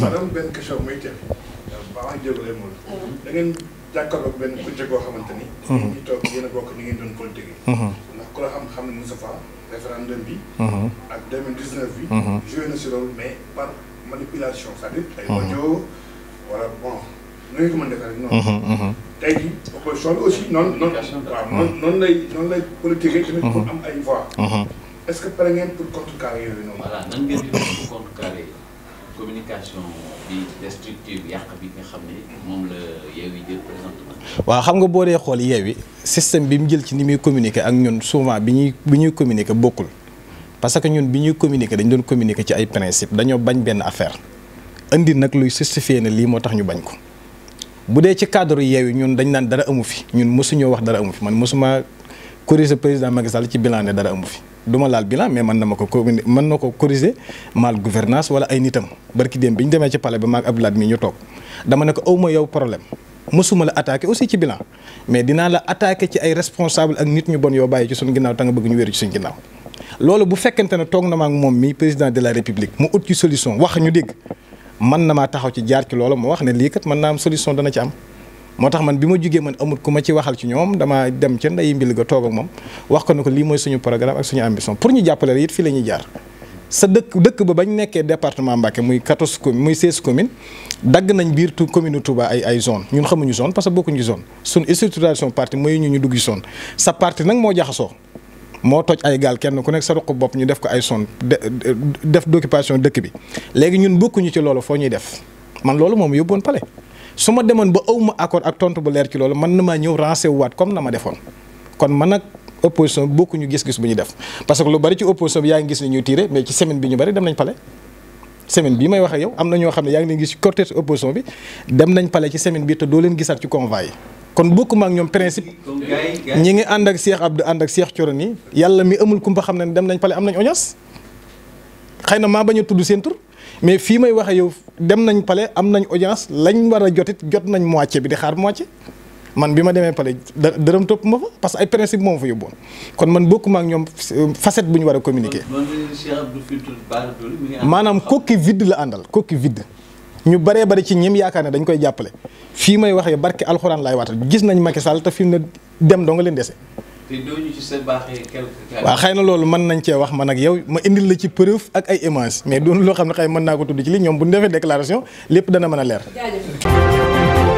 madame benn question mooy teel ba ma jégalee moom da ngeen jàkkaarloog benn projet boo xamante ni. ñu mhm. toog yéen a bokk ni ngeen doon politique yi. Mhm. ndax ku la xam xam a Moustapha référendum bi. Mhm. ak 2019 bi. joué na si loolu mais par ay audio wala bon nu ñu ko mën a defee bi noonu noonu. lay noonu lay politique yi tamit am ay voix. est-ce que pare ngeen pour contrecarrer yooyu noonu. communication bi bi xam ne moom xam nga boo dee xool Yewwi système bi mu jël ci ni muy communiqué ak ñun souvent bi ñuy bi ñuy communiquer bokkul parce que ñun bi ñuy communiqué dañ doon communiqué ci ay principe dañoo bañ benn affaire indi nag luy justifier ne lii moo tax ñu bañ ko. bu dee ci cadre Yewwi ñun dañ naan dara amu fi ñun mosuñoo wax dara amu fi man mosuma corriger président Macky Sall ci bilan ne dara amu fi. duma laal bilan mais mën na ma ko commun mën na ko corriger mal gouvernance wala ay nitam barki démb bi ñu demee ci palais ba maag Abdoulaye mi ñu toog dama ne ko aw ma yow problème mësuma la attaqué aussi ci bilan mais dinaa la attaqué ci ay responsable ak nit ñu bon yoo bàyyi ci suñu ginnaaw ta nga bëgg ñu wéeru ci suñu ginnaaw loolu bu fekkente ne toog na ma moom mi président de la république mu ut ci solution wax ñu dégg mën na maa taxaw ci jaar ci loolu wax ne lii kat mën naa am solution dana ci am moo tax man bi ma jugee man amut ku ma ci waxal ci ñoom dama dem ca ndeyi mbil ga toog ak moom wax ko ne ko lii mooy suñu programme ak suñu ambition pour ñu jàppale la it fii la ñuy jaar sa dëkk dëkk ba bañ nekkee département Mbacké muy 14 communes muy 16 commune dagg nañ biir tu commune Touba ay ay zone ñun xamuñu zone parce que bokkuñu ci zone suñ structuration parti mooy ñu ñu dugg ci zone sa parti nag moo jaxasoo moo toj ay gaal kenn ku nekk sa ruq bopp ñu def ko ay zone def d'occupation dëkk bi léegi ñun bokkuñu ci loolu foo ñuy def man loolu moom yóbboon pale su ma demoon ba aw ma accord ak tontu bu leer ci loolu mën na maa ñëw rancé waat comme na ma defoon kon man nag opposition ñu gis-gis bu ñu def parce que lu bari ci opposition bi yaa ngi gis ne ñuy tiré mais ci semaine bi ñu bari dem nañ pale semaine may wax yow am na ñoo xam ne yaa ngi leen gis ci cortège opposition bi dem nañ pale ci semaine bi te doo leen gisaat ci convoi yi kon bokkuma ak ñoom principe ñi ngi ànd ak seex Abdou ànd ak Cheikh Thiorony yàlla mi amul kumpa xam ne dem nañ pale am nañ oñas xëy na maa bañ a tudd seen mais fii may waxee yow dem nañ pale am nañ audience lañ war a jot it jot nañ moitié bi di xaar moitié man bi ma demee pale dërëm topp ma fa parce que ay principe moom fa yóbboon kon man bokkuma ak ñoom euh, facette bu ñu war a communiquer maanaam coquille vide la àndal kokki vide ñu baree bari ci ñim yaakaar ne dañ koy jàppale fii may waxee barke alxuraan laay waatal gis nañ Macky Sall te fi mu dem doo nga leen dese te doo ñu ci sa na loolu mën nañ cee wax ma nag yow ma indil la ci preuve ak ay images mais doon loo xam ne xay mën naa ko tudd ci li ñoom bu ñu defee déclaration lépp dana mën a leer.